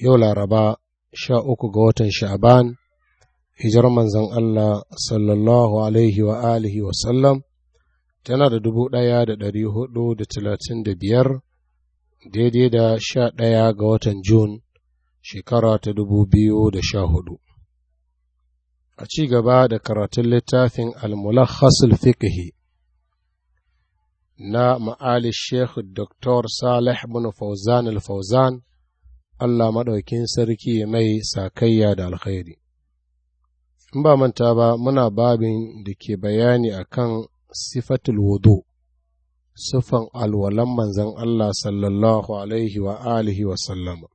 yau laraba sha uku ga watan sha'aban hijar manzon Allah sallallahu alaihi wa alihi wa sallam tana da dubu ɗaya da ɗari hudu da talatin da biyar daidai da sha ɗaya ga watan Jun shekara ta dubu biyu da sha hudu. A ci gaba da karatun littafin almulak hasul Fiqhi na ma'ali Sheikh Dr. Salih bin Fauzan al-Fauzan Allah maɗaukin sarki mai sakayya da alkhairi. In ba manta ba muna babin da ke bayani kan sifatul wudu, sifan alwalan manzan Allah sallallahu alaihi wa alihi wa sallama.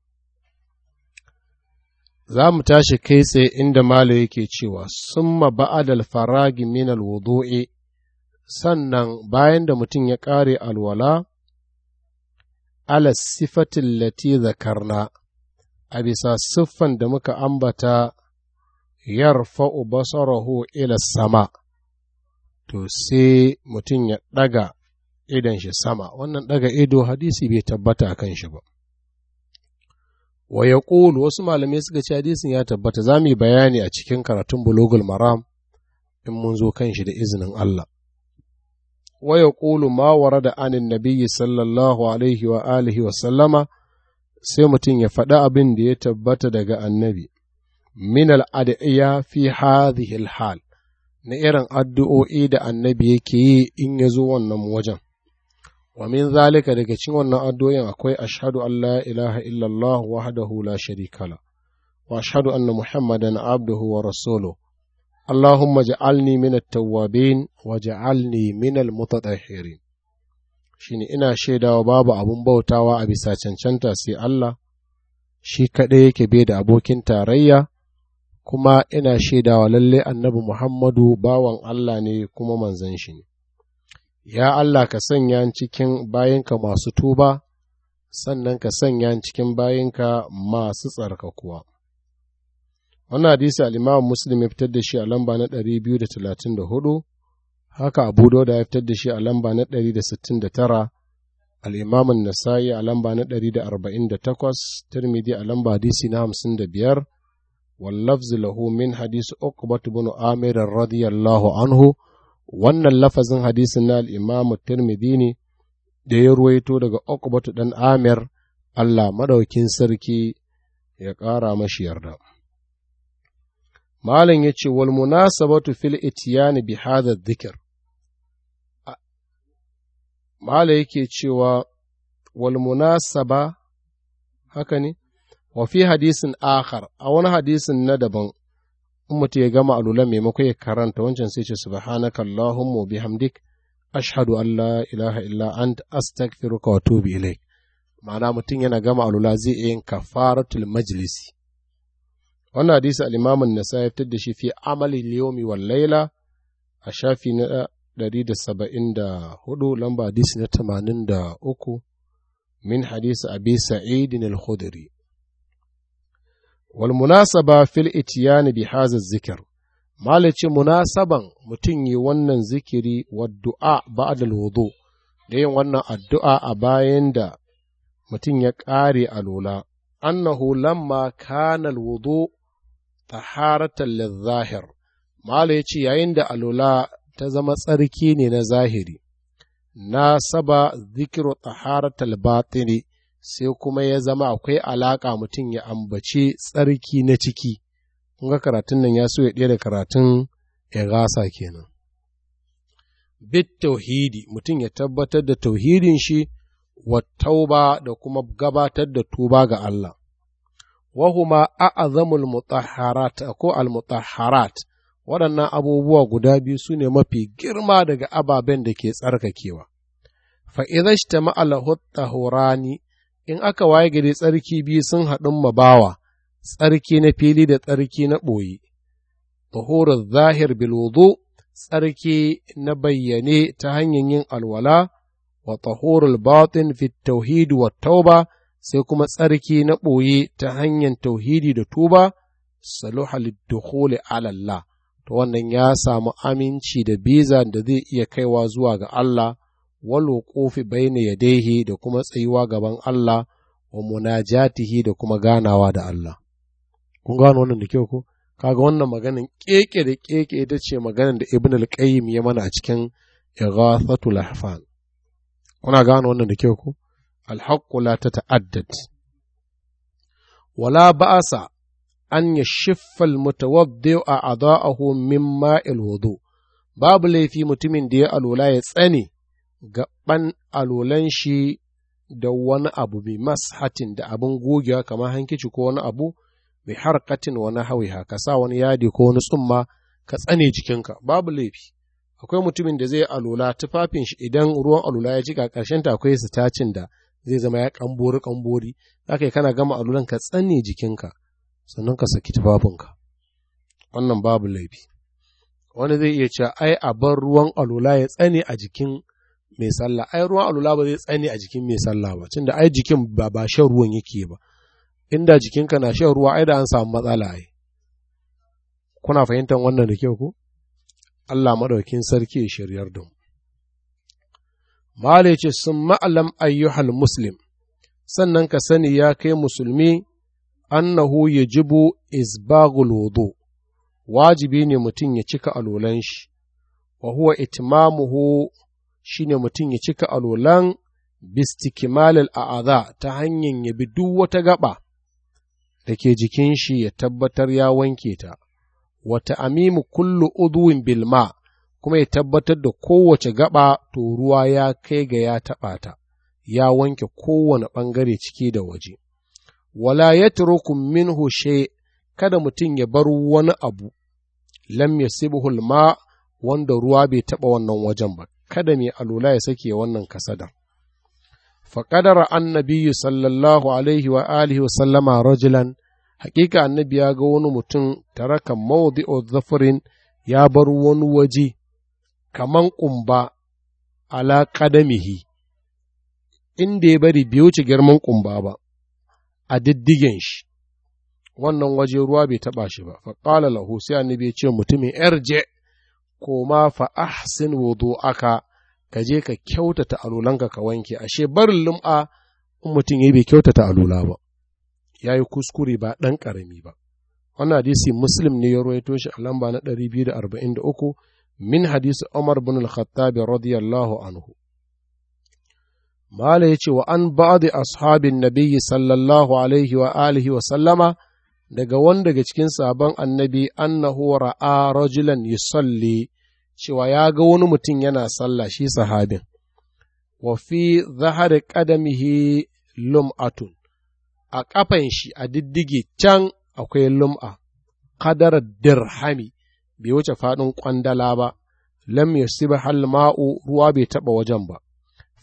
Za mu tashi kai tsaye inda Malu yake cewa, Summa ba'adal faragi min alwudu'i, sannan bayan da mutum ya ƙare alwala, ala sifatin lati zakarna a bisa siffan da muka ambata yarfa'u basarahu ila sama to sai mutum ya ɗaga idon shi sama wannan ɗaga ido hadisi bai tabbata a kan shi ba wa ya wasu malamai suka ci hadisin ya tabbata za mu yi bayani a cikin karatun bulogul maram in mun zo kan shi da izinin Allah Waya Kulu mawara da anin nabiyyi sallallahu alaihi sai mutum ya faɗi abin da ya tabbata daga annabi min al'adiyya fi hadhihi hal na irin addu'o'i da annabi yake yi in ya zo wannan wajen wa min zalika daga cikin wannan addu'o'in akwai ashhadu an la ilaha illallah wahdahu la sharika la wa ashhadu anna muhammadan abduhu wa rasuluhu اللهم اجعلني من التوابين واجعلني من المتطهرين shine ina shaidawa babu abun bautawa a bisa cancanta sai Allah shi kaɗai yake bai da abokin tarayya kuma ina shaidawa lalle annabi Muhammadu bawan Allah ne kuma manzan shi ne ya Allah ka sanya cikin bayinka masu tuba sannan ka sanya cikin bayinka masu tsarkakuwa. kuwa wannan hadisi al muslim ya fitar da shi a lamba na 234 haka abu dauda ya fitar da shi a lamba na 169 al nasai a lamba na 148 tirmidhi a lamba hadisi na 55 واللفظ له min hadisi عقبة بن Amir رضي radiyallahu anhu. wannan lafazin hadisin na al'imamu tirmidhi ne da ya ruwaito daga Okubatu ɗan Amir, Allah madaukin sarki ya ƙara mashi yarda. malam ya ce wal munasabatu fil itiyani bi hadha dhikr malam yake cewa wal munasaba haka ne wa fi hadisin akhar a wani hadisin na daban in mutum ya gama alula maimako ya karanta wancan sai ce subhanaka allahumma bihamdik ashhadu an la ilaha illa an astaghfiruka wa atubu ilai ma'ana mutum yana gama alula zai iya yin kafaratul majlisi wannan hadisi al-imamun nasa ya da shi fi amali liyomi wal laila a shafi na 174 lamba hadisi na 83 min hadisi abi sa'idin al-khudri wal munasaba fil itiyani bi hadha zikir malaci munasaban mutum yi wannan zikiri wa du'a ba'da da wudu da yin wannan addu'a a bayan da mutum ya ƙare alola annahu lamma kana al-wudu taharatan lizahir Mala ya ce yayin da alula ta zama tsarki ne na zahiri, na saba zikiru taharatal batini sai kuma ya zama akwai alaƙa mutum ya ambaci tsarki na ciki, kun ga karatun nan ya so ya ɗaya da karatun ya gasa kenan. Bit tauhidi mutum ya tabbatar da tauhidin shi wa tauba da kuma gabatar da tuba ga Allah. wahuma a'azamul mutahharat ko al-mutahharat waɗannan abubuwa guda biyu su ne mafi girma daga ababen da ke tsarkakewa fa idza ma'alahu in aka waye gari tsarki biyu sun haɗu ma bawa tsarki na fili da tsarki na ɓoye tahurul zahir bil tsarki na bayyane ta hanyar yin alwala wa tahurul batin fi tauhid wa tauba sai kuma tsarki na ɓoye ta hanyar tauhidi da tuba, saluhal dukhuli alallah, ta wannan ya samu aminci da biza da zai iya kaiwa zuwa ga Allah, walo kofi baina yadaihi da kuma tsayuwa gaban Allah, wa munajatihi da kuma ganawa da Allah. Kun gano wannan da kyau ko? Kaga wannan maganin keke da keke ita ce maganin da Ibn al ya mana a cikin Ighathatul Ahfan. Kuna gano wannan da kyau ko? alhaqqu ta tata'addad wala ba'asa an yashiffa almutawaddi a adaahu min ma'il wudu babu laifi mutumin da ya alola ya tsane gaban alolan shi da wani abu bi mashatin da abin gogewa kamar hankici ko wani abu bi harkatin wani hawiha ka sa wani yadi ko wani tsumma ka tsane jikinka babu laifi akwai mutumin da zai alola tufafin shi idan ruwan alola ya jika ƙarshen ta akwai sitacin da zai zama ya kambori kambori zaka kana gama alulan ka tsane jikinka sannan ka saki tufafinka wannan babu laifi wani zai iya cewa ai a bar ruwan alula ya tsane a jikin mai sallah ai ruwan alula ba zai tsane a jikin mai sallah ba tunda ai jikin ba ba shan ruwan yake ba inda jikinka na shan ruwa ai da an samu matsala ai kuna fahimtar wannan da kyau ko Allah madaukin sarki ya shiryar da mu malam ya ce, Sun ma'alam ayyuhal Muslim, sannan ka sani ya kai musulmi, annahu ya jibu isbagul wudu wajibi ne mutum ya cika alolan shi, wa huwa itmamuhu shi ne mutum ya cika alolan bistikimalil a'aza ta hanyar ya bi duk wata gaba da ke jikin shi ya tabbatar ya wanke ta, wata amimu kullu uduwin bilma kuma ya tabbatar da kowace gaba to ruwa ya kai ga ya taɓa ta, ya wanke kowane ɓangare ciki da waje. Wala ya min hushe kada mutum ya bar wani abu, lam ya ma wanda ruwa bai taɓa wannan wajen ba, kada mai alula ya sake wannan kasada faƙadar annabi sallallahu alaihi wa alihi wa sallama rajulan hakika annabi ya ga wani mutum taraka mawdi'u zafirin ya bar wani waje kaman ƙumba ala ƙadamihi, inda ya bari bai wuce girman ƙumba ba, a diddigen shi, wannan waje ruwa bai taɓa shi ba, faƙala lahu sai annabi ya ce mutumin ‘yarje, koma fa ahsin wudu aka, ka je ka kyautata alulanka ka wanke, ashe barin lum'a in mutum ya bai kyautata alula ba, ya yi kuskure ba ɗan ƙarami ba. Wannan hadisi Muslim ne ya ruwaito shi a lamba na 243 min hadisi Umar bin al-Khattab radiyallahu anhu Mala ya ce wa an ba'adu ashabin nabiyyi sallallahu alaihi wa alihi wa sallama daga wani cikin sabon annabi annahu ra'a rajulan yusalli cewa ya ga wani mutum yana sallah shi sahabin wa fi zahari qadamihi lum'atun a kafan shi a diddige can akwai lum'a qadar dirhami bai wuce faɗin ƙwandala ba, lam yusiba hal ma'u ruwa bai taɓa wajen ba.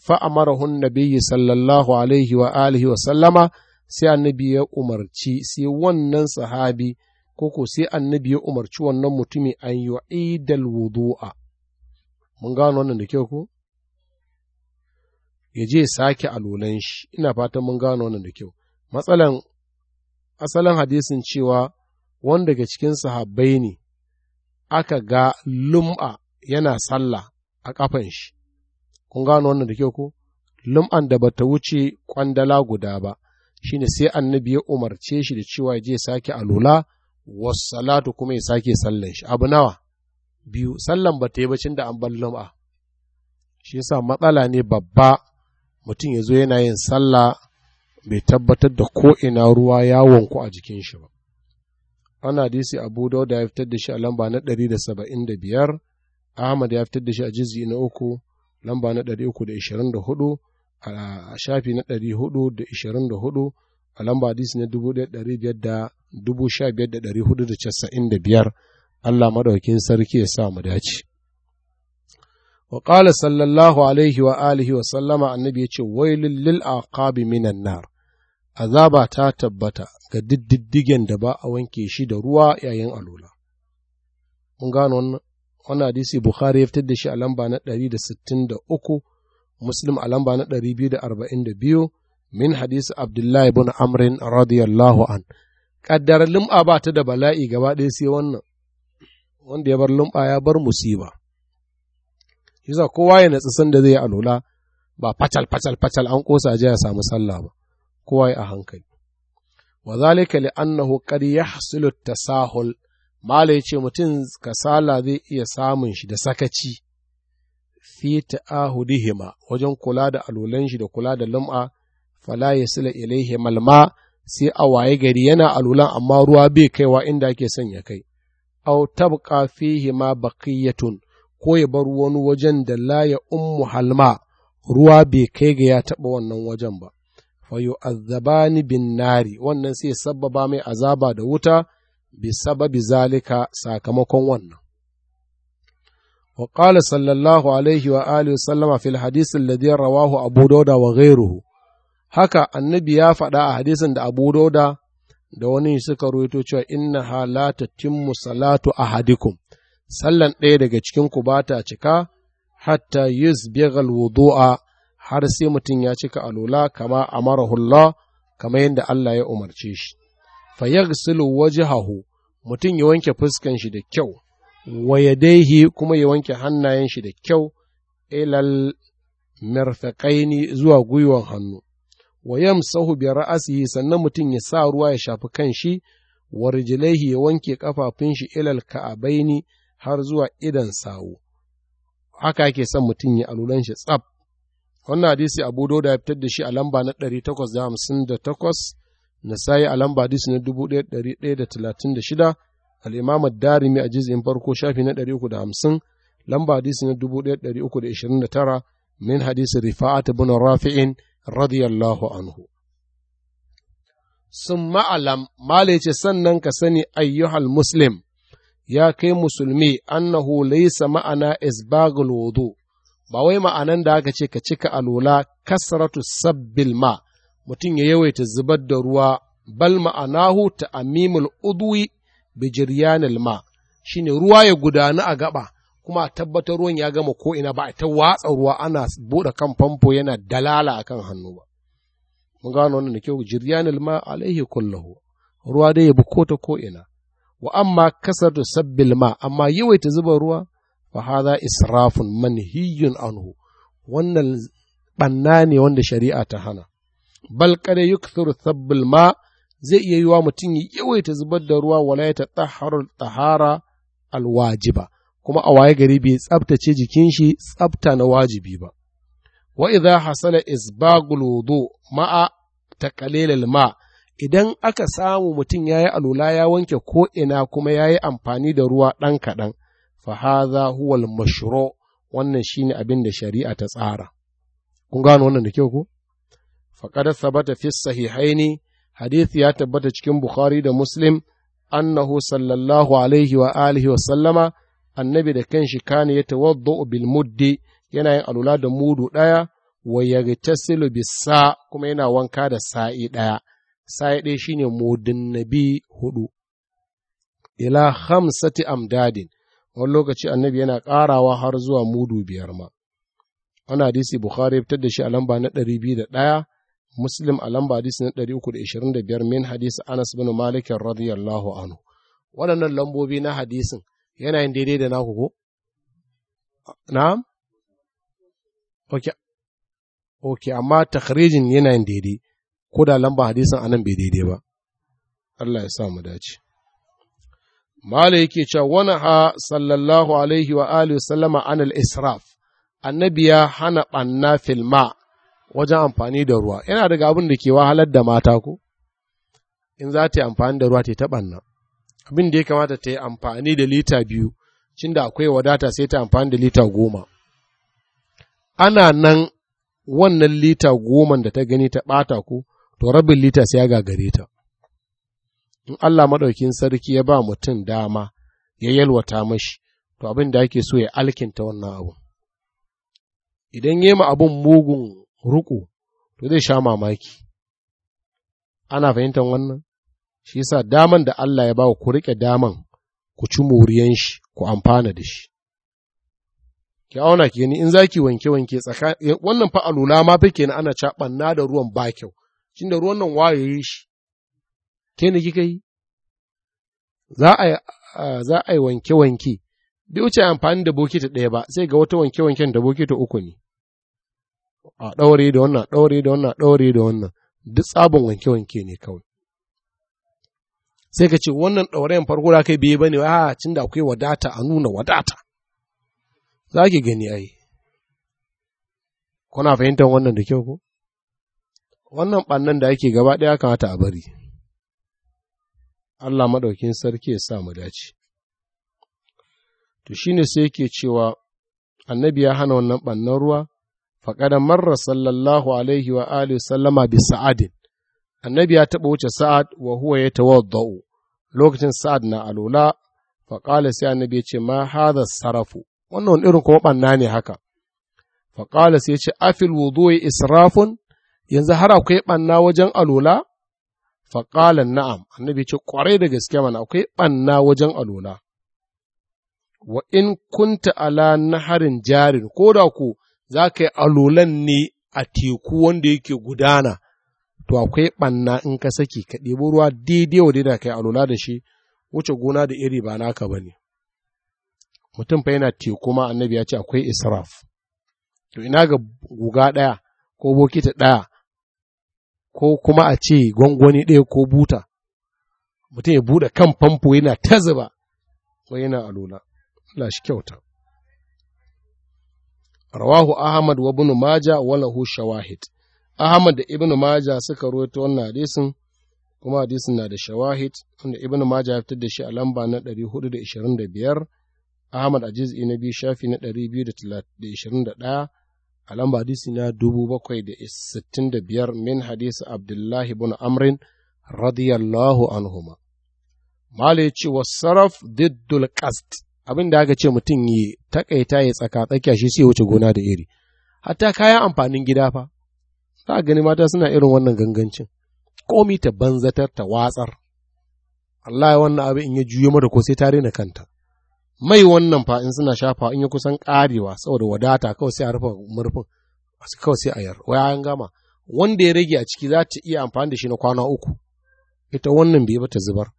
Fa amarahun nabiyyi sallallahu alaihi wa alihi wa sallama sai annabi ya umarci sai wannan sahabi ko ko sai annabi ya umarci wannan mutumi an idal wudu'a. Mun gano wannan da kyau ko? Ya je sake alolan shi, ina fatan mun gano wannan da kyau. Matsalan asalin hadisin cewa wanda daga cikin sahabbai ne aka ga lum'a yana sallah a ƙafan shi, kun gano wannan da kyau ku? Lum'an da bata wuce kwandala guda ba, shi ne sai annabi ya umarce shi da cewa je sake wasu salatu kuma ya sake sallan shi, abu nawa, biyu, sallan bata yi bacin da an bar lum'a. Shi yasa matsala ne babba mutum ya zo yana yin sallah bai tabbatar da ko'ina ruwa ya wanku a jikin shi ba. wani hadisi abu dauda ya fitar da shi a lamba na ɗari da saba'in da biyar ahmad ya fitar da shi a jizi na uku lamba na ɗari uku da ishirin da hudu a shafi na ɗari hudu da ishirin da hudu a lamba hadisi na dubu da ɗari da casa'in da biyar allah madaukin sarki ya sa mu dace وقال صلى الله عليه وآله وسلم النبي يقول ويل للعقاب من النار azaba ta tabbata ga diddigen da ba a wanke shi da ruwa yayin alola. Mun gano wannan, wannan hadisi Bukhari ya fitar da shi a lamba na 163, Muslim a lamba na 242, min hadisi Abdullahi bin Amrin radiyallahu an. Ƙaddarar lumɓa ba ta da bala'i gaba ɗaya sai wannan, wanda ya bar lumɓa ya bar musiba. Yasa kowa ya natsi sanda zai yi alola ba facal facal facal an kosa ya samu sallah ba. kowa ya a hankali wa zalika li annahu qad yahsilu tasahul mala yace mutum kasala zai iya samun shi da sakaci fi ta'ahudihima wajen kula da alulan shi da kula da lum'a fala yasila ilaihi malma sai a waye gari yana alulan amma ruwa bai kaiwa inda ake son ya kai aw tabqa fihi ma baqiyatun ko ya bar wani wajen da la ya ummu halma ruwa bai kai ga ya taɓa wannan wajen ba fa yu'azzabani bin nari wannan sai sabbaba mai azaba da wuta bi sababi zalika sakamakon wannan wa qala sallallahu alaihi wa alihi sallama fil hadith alladhi rawahu abu dauda wa ghayruhu haka annabi ya faɗa a hadisin da abu dauda da wani suka ruwaito cewa inna halata timmu salatu ahadikum sallan ɗaya daga cikin ku ba ta cika hatta yusbigha wudu'a har sai mutum ya cika alola kama hula, kama yadda Allah ya umarce shi Fayar silu waje hahu, mutum ya wanke fuskan shi da kyau wa kuma ya wanke hannayen shi da kyau ilal ni zuwa gwiwon hannu wa sahu biyar ra'asihi sannan mutum ya sa ruwa ya shafi kan shi wa ya wanke kafafun shi ilal ka'abaini har zuwa idan sawu haka ake son mutum ya alulan shi tsaf wannan hadisi abu da ya fitar da shi a lamba na 858 sayi a lamba hadisi na 1136 al'imam darimi a jizin farko shafi na 350 lamba hadisi na 1329 min hadisi rifa'at ibn rafi'in radiyallahu anhu sun ma'alam male ce sannan ka sani ayyuhal muslim ya kai musulmi annahu laysa ma'ana isbagul wudu' ba wai ma'anan da aka ce ka cika alola kasratu sabbil ma mutum ya yawaita zubar da ruwa bal ma'anahu ta amimul udwi bi jiryanil ma shine ruwa ya gudana a gaba kuma a tabbatar ruwan ya gama ko'ina ba a ta watsa ruwa ana buɗe kan famfo yana dalala akan hannu ba mun gano wannan da kyau jiryanil ma alaihi kullahu ruwa dai ya bi ko ta ko ina wa amma kasar da sabbil ma amma yawaita zuba ruwa wa hadha israfun manhiyun anhu wannan banna ne wanda shari'a ta hana bal kada yukthiru thabbul ma zai iya yiwa mutum ya yawaita zubar da ruwa wala ya tatahharu tahara alwajiba kuma a waye gari bai tsaftace jikin shi tsafta na wajibi ba wa idza hasala isbagul wudu ma'a taqalilil ma idan aka samu mutum yayi alula ya wanke ko ina kuma yayi amfani da ruwa dan kadan fahaza huwal mashro wannan shine abin da shari'a ta tsara kun gano wannan da kyau ko faqad sabata fi sahihaini hadisi ya tabbata cikin bukhari da muslim annahu sallallahu alaihi wa alihi wa sallama annabi da kanshi kane yatawaddu bil muddi yana yin alula da mudu daya wa yagtasilu bisa kuma yana wanka da sa'i ɗaya. sa'i ɗaya shine mudin nabi hudu ila hamsati amdadin wani lokaci annabi yana ƙarawa har zuwa mudu biyar ma wani hadisi bukhari fitar da shi a lamba na ɗari biyu da ɗaya muslim a lamba hadisi na ɗari uku da ishirin da biyar min hadisi anas bin malikin radiyallahu anhu waɗannan lambobi na hadisin yana yin daidai da naku ko na'am ok ok amma takhrijin yana yin daidai ko da lamba hadisin anan bai daidai ba Allah ya sa mu dace Mala yake cewa wani ha sallallahu alaihi wa alihi sallama anil israf, annabi ya hana ɓanna filma wajen amfani da ruwa, yana daga abin da ke wahalar da mata ko? In za ta yi amfani da ruwa ta ta ɓanna, abin da ya kamata ta yi amfani da lita biyu, cin da akwai wadata sai ta amfani da lita goma. Ana nan wannan lita goma da ta gani ta ɓata ko, to rabin lita sai ya gagare ta. in Allah maɗaukin sarki ya ba mutum dama ya yalwata mashi to abin da ake so ya alkinta wannan abu idan ya ma abin mugun ruku to zai sha mamaki ana fahimtar wannan shi yasa daman da Allah ya ba ku riƙe daman ku ci moriyan shi ku amfana da shi ki auna ki gani in zaki wanke wanke tsaka eh, wannan fa ma fa ana caɓanna da ruwan ba kyau shin da ruwan nan waye shi ke ne kika yi? Za a yi wanke-wanke, bai wuce amfani da bokiti ɗaya ba, sai ga wata wanke-wanken da bokiti uku ne. A ɗaure da wannan, ɗaure da wannan, ɗaure da wannan, duk tsabin wanke-wanke ne kawai. Sai ka ce wannan ɗauren farko da kai biye ba ne, a cin da akwai wadata a nuna wadata. Za ki gani ai. Kuna fahimtar wannan da kyau ko? Wannan ɓannan da ake gaba ɗaya kamata a bari. Allah maɗaukin sarki ya sa mu dace. To shi ne sai yake cewa annabi ya hana wannan ɓannan ruwa, faƙada marar sallallahu alaihi wa alihi sallama bi sa'adin, annabi ya taɓa wuce sa'ad wa huwa ya tawadda'u lokacin sa'ad na alola, faƙala sai annabi ya ce ma haza sarafu, wannan wani irin kuma ɓanna ne haka. Faƙala sai ya ce afil wudu israfun, yanzu har akwai ɓanna wajen alola? faƙalan na'am, annabi ce ƙwarai da gaske mana akwai ɓanna wajen alola. Wa in kunta ala harin jarin, ko da ku za ka yi alolan ne a teku wanda yake gudana, to akwai ɓanna in ka saki ka ɗebo ruwa daidai wa daidai ka yi alola da shi, wuce gona da iri ba naka ba ne. Mutum fa yana teku ma annabi ya ce akwai israf. To ina ga guga ɗaya ko bokiti ɗaya ko kuma a ce gwangwani ɗaya ko buta mutum ya buɗe kan famfo yana ta zuba ko yana alola Allah shi kyauta rawahu ahmad wa ibn maja wa lahu shawahid ahmad da ibn maja suka rawaito wannan hadisin kuma hadisin na da shawahid wanda ibn maja ya fitar da shi a lamba na 425 ahmad Ajiz Inabi na biyu shafi na 221 a lamba hadisi na dubu bakwai da sittin da biyar min hadisi abdullahi bin amrin radiyallahu anhuma ya ce wa saraf diddul qast abin da aka ce mutum yi takaita ya tsaka tsakiya shi sai wuce gona da iri hatta kayan amfanin gida fa za gani mata suna irin wannan gangancin komi ta banzatar ta watsar Allah ya wannan abin in ya juyo mata ko sai ta rena kanta mai wannan fa in suna shafa in ya kusan karewa saboda wadata kawai sai a rufe murfin kawai sai a yar waya an gama wanda ya rage a ciki za ta iya amfani da shi na kwana uku ita wannan bai bata zubar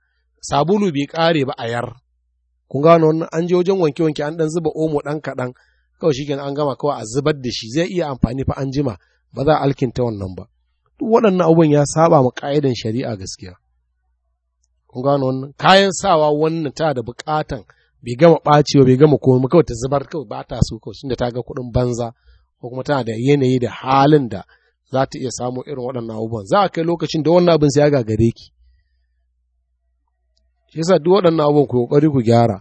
sabulu bai kare ba a yar kun gano wannan an je wajen wanke wanke an dan zuba omo dan kaɗan kawai shikin an gama kawai a zubar da shi zai iya amfani fa an jima ba za a alkinta wannan ba duk waɗannan abubuwan ya saba mu ka'idan shari'a gaskiya kun gano wannan kayan sawa wannan ta da buƙatan bai gama ɓacewa bai gama komai kawai ta zubar kawai ba ta so kawai tunda ta ga kuɗin banza ko kuma tana da yanayi da halin da za ta iya samu irin waɗannan abubuwan za a kai lokacin da wannan abin sai ya gagare ki shi yasa duk waɗannan abubuwan ku kokari ku gyara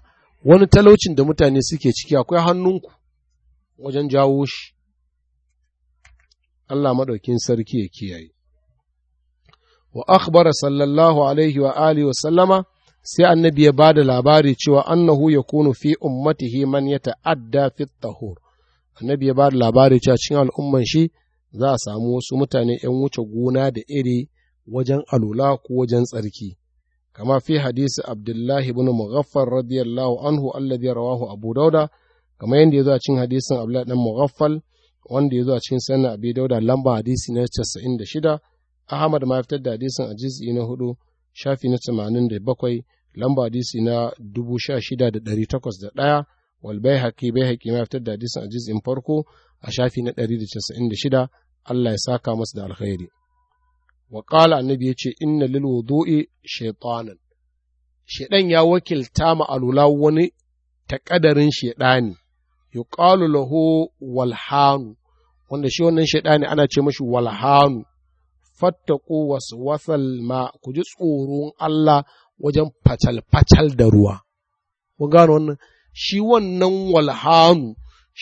wani talaucin da mutane suke ciki akwai hannunku wajen jawo shi Allah maɗaukin sarki ya kiyaye wa akhbara sallallahu alaihi wa alihi wa sallama sai annabi ya ba da labari cewa annahu ya kunu fi ummatihi man ya ta'adda fi tahur annabi ya ba da labari cewa cikin al'umman shi za a samu wasu mutane ‘yan wuce gona da iri wajen alula ko wajen tsarki kama fi hadisi abdullahi ibn mughaffal radiyallahu anhu alladhi rawahu abu dauda kama yadda ya zo a cikin hadisin abdullahi dan mughaffal wanda ya zo a cikin sanin abi dauda lamba hadisi na 96 ahmad ma fitar da hadisin a juz'i na hudu shafi na 87 lamba hadisi na 16801 haƙi bai haƙi ma fitar da hadisin ajizin farko a shafi na ɗari da da shida. Allah ya saka masa da alkhairi wa qala annabi yace inna lil wudu'i shaytanan shaydan ya wakilta ma alula wani takadarin shaydani yuqalu lahu walhanu wanda shi wannan ne ana ce mashi walhanu fattaku wasu wasal ma ku ji tsoron Allah wajen facal-facal da ruwa. Mun gano wannan, shi wannan walhanu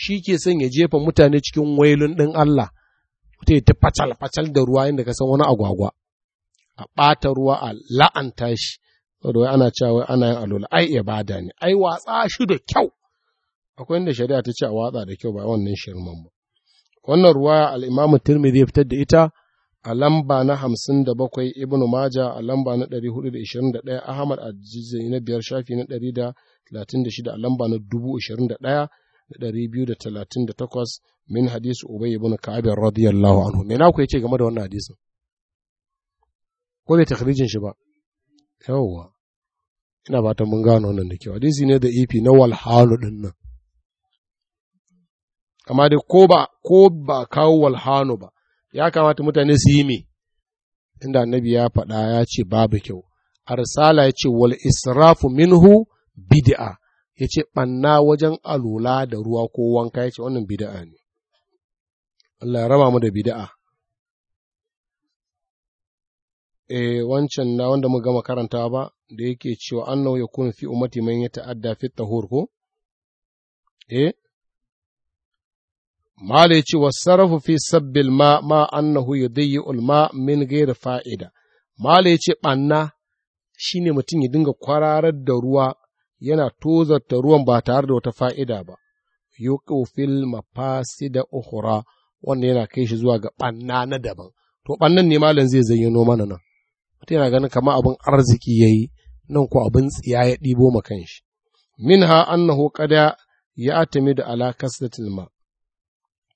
shi ke son ya jefa mutane cikin wailun ɗin Allah, ta ta facal-facal da ruwa inda ka san wani agwagwa, a ɓata ruwa a la'anta shi, saboda ana cewa ana yin alola, ai ibada ne, ai watsa shi da kyau. Akwai inda shari'a ta ce a watsa da kyau ba wannan shirman ba. Wannan ruwa al'imamu Tirmidhi ya fitar da ita a lamba na hamsin da bakwai ibnu maja a lamba na ɗari hudu da ishirin da ɗaya ahmad a jizai na biyar shafi na ɗari da talatin da shida a lamba na dubu ishirin da ɗaya da ɗari biyu da talatin da takwas min hadisu ubay ibn ka'ab radiyallahu anhu me na ku yace game da wannan hadisin ko bai takhrijin shi ba yawwa ina fatan mun gano wannan da kyau hadisi ne da ifi na walhalu din nan amma dai ko ba ko ba kawo walhanu ba ya kamata mutane su yi me inda annabi ya faɗa ya ce babu kyau arsala ya ce wal israfu minhu bid'a ya ce ɓanna wajen alula da ruwa ko wanka ya ce wannan bid'a ne Allah ya raba mu da bid'a e wancan na wanda mu gama karanta ba da yake cewa annahu yakun fi ummati man yata'adda fi tahur ko eh Mala ya ce, sarrafa fi sabbin ma ma annahu yudayyi ulma min gaira fa'ida. Mala ya ce, ɓanna shi mutum ya dinga kwararar da ruwa yana tozarta ruwan ba tare da wata fa'ida ba. fasi mafasida uhura wanda yana kai shi zuwa ga ɓanna na daban. To, ɓannan ne malam zai zayyano mana nan. Mutum yana ganin kama abin arziki ya nan ko abin tsiya ya ɗibo ma kanshi. Minha annahu kada ya atami da ala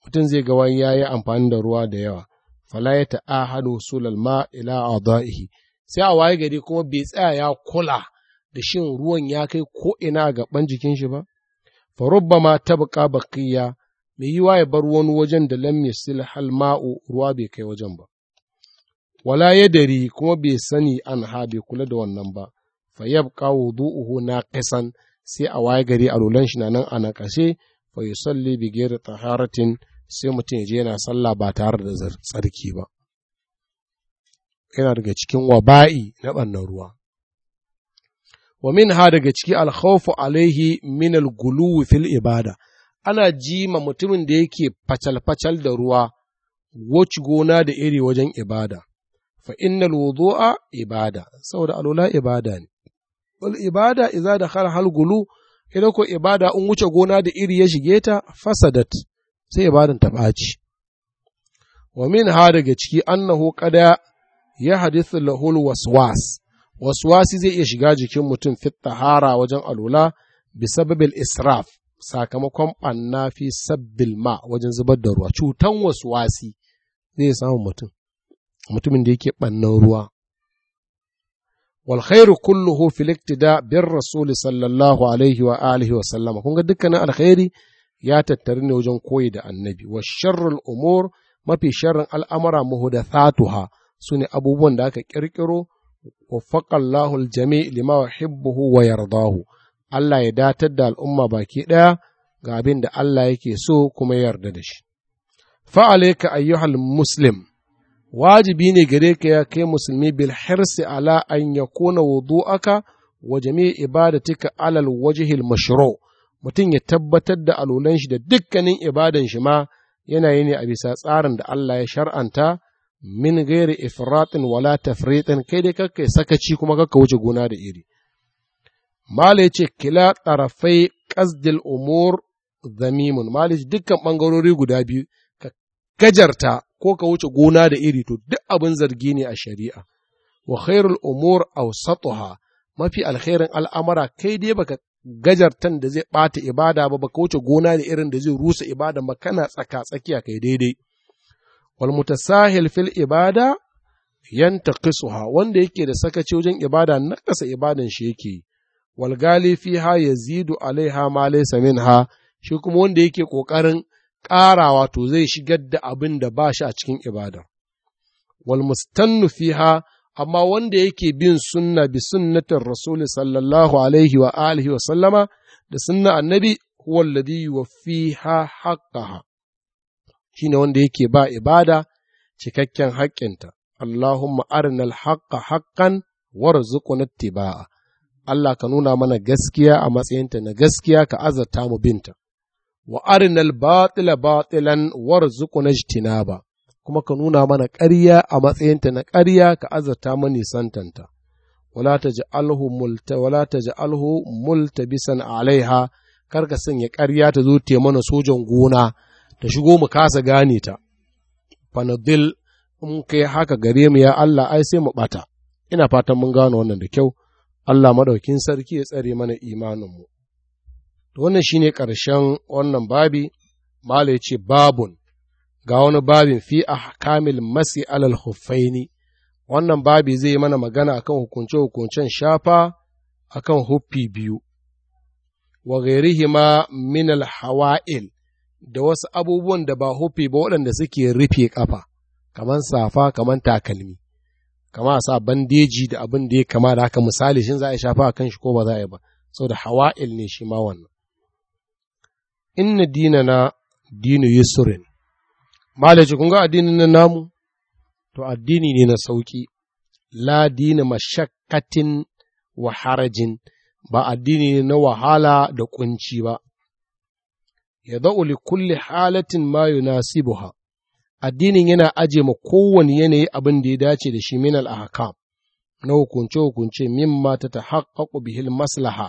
mutum zai ga wani ya yi amfani da ruwa da yawa fala ya ta'a ta'ahadu sulal ma ila adaihi sai a waye gari kuma bai tsaya ya kula da shin ruwan ya kai ko ina ga ban jikin shi ba farubba ma tabqa bakiya mai yi ya bar wani wajen da lam yasil hal ma'u ruwa bai kai wajen ba wala ya dari kuma bai sani an ha bai kula da wannan ba fa yabqa wudu'uhu naqisan sai a waye gari a lulan shi nan a naƙashe fa yusalli bi ghairi taharatin sai mutum ya je yana sallah ba tare da tsarki ba yana daga cikin waba'i na ɓannan ruwa wa min ha daga ciki alkhawfu alaihi min alguluwi fil ibada ana jima mutumin da yake facal-facal da ruwa wuce gona da iri wajen ibada fa innal wudu'a ibada saboda alula ibada ne wal ibada idza dakhala hal gulu idan ko ibada in wuce gona da iri ya shige ta fasadat sai ba ta ɓaci wa min ha daga ciki annahu qada ya hadithu lahul waswas waswasi zai iya shiga jikin mutum fit tahara wajen alula bi sababil israf sakamakon banna fi sabbil ma wajen zubar da ruwa cutan waswasi zai samu mutum mutumin da yake ɓannan ruwa wal khairu kulluhu fil iktida bir rasul sallallahu alaihi wa alihi wa sallama kun ga dukkanin alkhairi ya tattari ne wajen koyi da annabi wa sharrul umur mafi sharrin al'amara muhdathatuha sune abubuwan da aka ƙirƙiro wa faƙallahul jami lima wa hibbuhu wa yardahu Allah ya datar da al'umma baki ɗaya ga abin da Allah yake so kuma yarda da shi. Fa'alaika ayyuhal muslim wajibi ne gare ka ya kai musulmi bil hirsi ala an yakuna wudu'aka wa jami'i ibadatika alal wajhil mashru' mutum ya tabbatar da alolan shi da dukkanin ibadan shi ma yana yi ne a bisa tsarin da Allah ya shar'anta min gairi ifratin wala tafritin kai dai kakka sakaci kuma kakka wuce gona da iri mala ya ce kila tarafai qasdil umur zamimun mala dukkan bangarori guda biyu ka gajarta ko ka wuce gona da iri to duk abin zargi ne a shari'a wa khairul umur awsatuha mafi alkhairin al'amara kai dai baka gajartan da zai ɓata ibada ba ba wuce gona da irin da zai rusa ibada ba kana tsaka tsakiya kai daidai wal mutasahil fil ibada yantaqisuha wanda yake da sakaci wajen ibada na nakasa ibadan shi yake wal gali fiha yazidu alaiha ma laysa minha shi kuma wanda yake kokarin karawa to zai shigar da abin da ba shi a cikin ibada wal mustannu fiha amma wanda yake bin sunna bi sunnatin rasul sallallahu alaihi wa alihi wa sallama da sunna annabi huwa alladhi yuwaffiha haqqaha shine wanda yake ba ibada cikakken haƙƙinta Allahumma arinal haqqa haqqan warzuqna ittiba'a Allah ka nuna mana gaskiya a matsayinta na gaskiya ka azata mu binta wa arinal batila batilan warzuqna ijtinaba kuma ka nuna mana ƙarya a matsayinta na ƙarya ka azarta mani santanta wala ta ji alhu multa wala ta multabisan alaiha kar ka sanya ƙarya ta zo te mana sojan gona ta shigo mu kasa gane ta fanadil in kai haka gare mu ya Allah ai sai mu ɓata, ina fatan mun gano wannan da kyau Allah maɗaukin sarki ya tsare mana imaninmu Wannan wannan ne ƙarshen wannan babi mala ya ce babun ga wani babin fi a kamil masi alal huffaini wannan babi zai yi mana magana kan hukunce-hukuncen shafa akan huffi biyu wa ma min hawa'il da wasu abubuwan da ba huffi ba waɗanda suke rufe ƙafa kamar safa kamar takalmi kama a sa bandeji da abin da ya kama da haka misali shin za a shafa a kan shi ko ba za a yi ba saboda hawa'il ne shi ma wannan inna dina na dinu yusurin malaci kun ga addinin nan namu to addini ne na sauki la dina mashakkatin wa harajin ba addini ne na wahala da kunci ba ya da'u li kulli halatin ma yunasibuha addinin yana aje ma kowane yanayi abin da ya dace da shi min al-ahkam na hukunce hukunce mimma ta tahaqqaqu bihil maslaha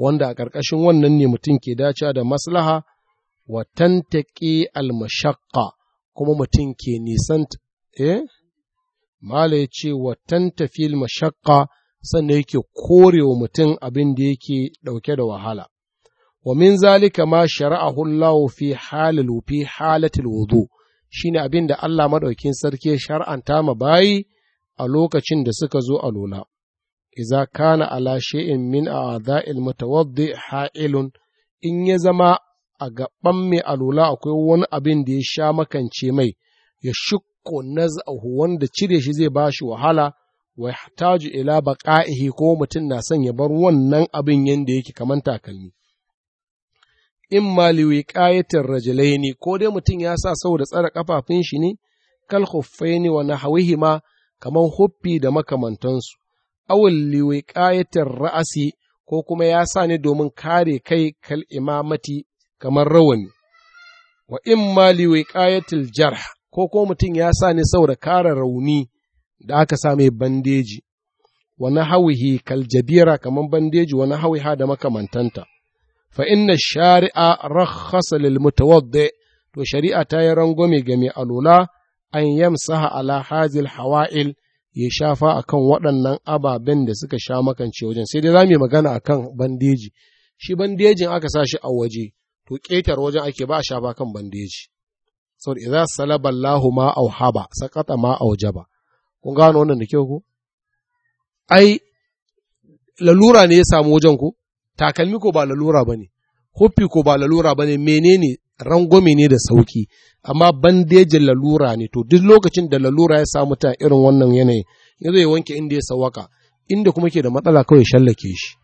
wanda a ƙarƙashin wannan ne mutum ke dace da maslaha wa tantaƙi al-mashaqqa kuma mutum ke nisan eh mala ya ce wa Tanta fil mashakka sannan yake wa mutum abin da yake ɗauke da wahala wa min zalika ma shara'ahu Allah fi halil fi halatil wudu shine abin da Allah madaukin sarki ya shar'anta ma bayi a lokacin da suka zo a lola iza kana ala shay'in min a'dha'il mutawaddi ha'ilun in ya zama a gaban mai alola akwai wani abin da ya sha makance mai ya shukko naz'ahu wanda cire shi zai ba shi wahala wa yahtaju ila baqa'ihi ko mutum na son ya bar wannan abin yadda yake kaman takalmi in ma rajalai ne, ko dai mutum ya sa saboda tsare kafafun shi ne kal khuffaini wa kaman huffi da makamantansu awal ƙayatar ra'asi ko kuma ya sa ne domin kare kai kal imamati kamar rawani, wa in mali wiqayatil jarh ko ko mutum ya sa ne saboda kara rauni da aka sa mai bandeji, wani kal kaljabira kamar bandeji wani hawiha da makamantanta, fa inna shari'a rakhasa lil mutawaddi to shari'a ta yi rangwame ga mai alula an yamsaha ala hazil hawa'il ya shafa akan waɗannan ababen da suka sha makance wajen sai dai za mu magana akan bandeji shi bandejin aka sa shi a waje to ƙetar wajen ake ba a shafa kan bandeji saboda idza salaba Allahu ma auhaba sakata ma aujaba kun gano wannan da kyau ko ai lalura ne ya samu wajen ku takalmi ko ba lalura bane huffi ko ba lalura bane menene rangwame ne da sauki amma bandejin lalura ne to duk lokacin da lalura ya samu ta irin wannan yanayi ya zai wanke inda ya sawaka inda kuma ke da matsala kawai shallake shi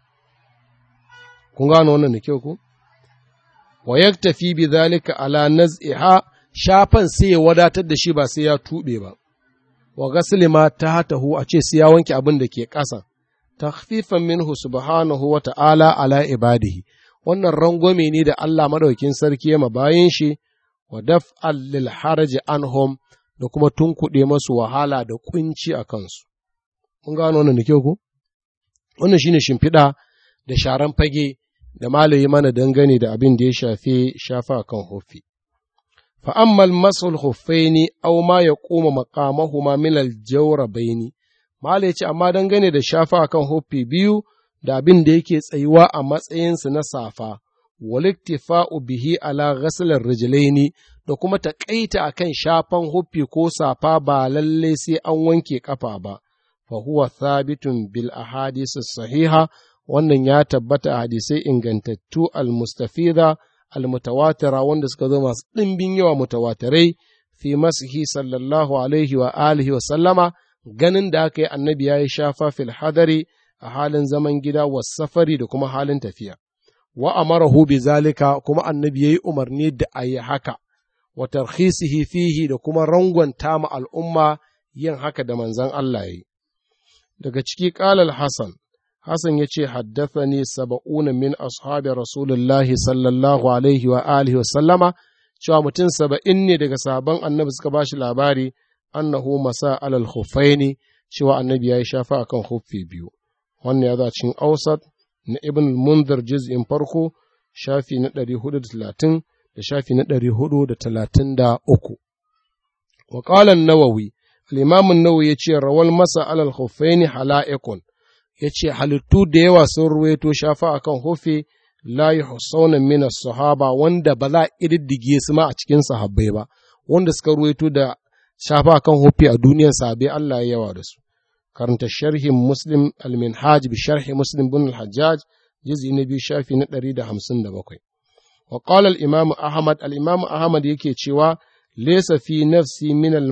kun gano wannan da kyau ko wa yaktafi bi zalika ala naz'iha shafan sai ya wadatar da shi ba sai ya tube ba wa gaslima ma tahtahu a ce sai ya wanke abin da ke ƙasa takhfifan minhu subhanahu wa ta'ala ala ibadihi wannan rangwame ne da Allah madaukin sarki ya bayan shi wa daf'al lil haraji anhum da kuma tunkuɗe masu wahala da kunci a kansu mun gano wannan da ke ko wannan shine shimfiɗa da sharan fage da malayi mana dangane da abin da ya shafe shafa kan hufi. Fa'ammal masul huffaini au ma ya koma makamahuma minal ne malayi ce, amma dangane da shafa kan hufi biyu da abin da yake tsayuwa a matsayinsu na safa, waliktifa'u bihi ala ghaslar rijilaini da kuma taƙaita a kan shafan hufi ko safa ba lallai sai an wanke ƙafa ba, fa huwa thabitun bil ahadisi sahiha wannan ya tabbata a hadisai ingantattu al-mustafida al-mutawatira wanda suka zo masu ɗimbin yawa mutawatirai fi masihi sallallahu alaihi wa alihi wa sallama ganin da aka yi annabi ya yi shafa fil hadari a halin zaman gida wa safari da kuma halin tafiya wa amarahu bi zalika kuma annabi ya yi umarni da a yi haka wa tarhisihi fihi da kuma rangwanta ma al'umma yin haka da manzan Allah ya yi daga ciki ƙalal Hassan Hassan ya ce haddasa ne saba'unan min ashabi Rasulullahi sallallahu alaihi wa alihi wa sallama cewa mutum saba'in ne daga sabon annabi suka ba shi labari annahu masa alal ne, cewa annabi ya yi shafa a kan huffi biyu wannan ya za cikin ausat na ibn Mundar juz'in farko shafi na 430 da shafi na 433 wa da nawawi al-imam an-nawawi yace rawar masa alal hala hala'iqun ya ce halittu da yawa sun ruwaito shafa akan hufe la yuhsawna min mina sahaba wanda ba za a ididdige su ma a cikin sahabbai ba wanda suka ruwaito da shafa a kan hufe a duniyar sahabbai Allah ya yawa da su karanta sharhin muslim almin minhaj bi sharhi muslim bin alhajjaj jizi na biyu shafi na 157 da qala al-imam ahmad al ahmad yake cewa lesa fi nafsi min al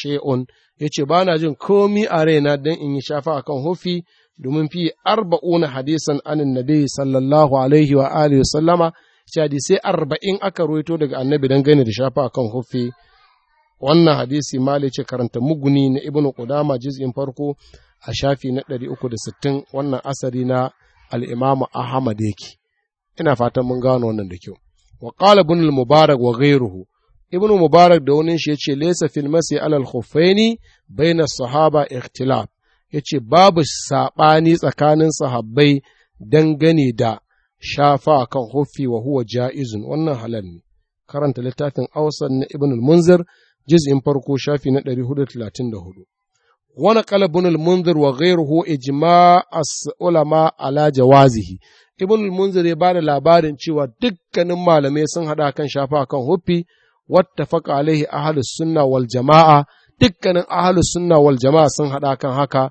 shay'un yace ba na jin komi a raina don in yi shafa akan hofi. domin fi arba'una hadisan anin nabi sallallahu alaihi wa alihi sallama shi hadisai arba'in aka ruwaito daga annabi don gani da shafa akan huffi wannan hadisi mali ce karanta muguni na Ibnu qudama juz'in farko a shafi na 360 wannan asari na al-imamu ahmad yake ina fatan mun gano wannan da kyau wa qala ibn al-mubarak wa ghayruhu Ibnu mubarak da wani shi yace laysa fil masi ala al-khuffaini bayna as-sahaba ikhtilaf ya ce babu saɓani tsakanin sahabbai dangane da shafa kan hufi wa huwa ja'izun wannan halal ne karanta littafin Ausar na ibn al-munzir juz'in farko shafi na 434 wani kalabun al-munzir wa ghairuhu ijma ulama ala jawazihi ibn al-munzir ya bada labarin cewa dukkanin malamai sun haɗa kan shafa kan hufi faƙa alaihi ahlus sunna wal jama'a dukkanin ahalus sunna wal jama'a sun haɗa kan haka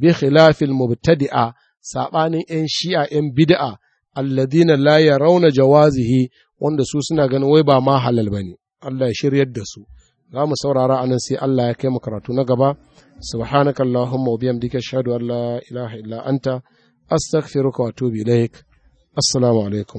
bi khilafil mubtadi'a saɓanin 'yan shi'a 'yan bid'a alladina la rauna jawazihi wanda su suna ganin wai ba ma halal ne. Allah ya shiryar da su za mu saurara anan sai Allah ya kai mu karatu na gaba subhanaka allahumma wa bihamdika ashhadu an la ilaha illa anta astaghfiruka wa atubu ilaik assalamu alaikum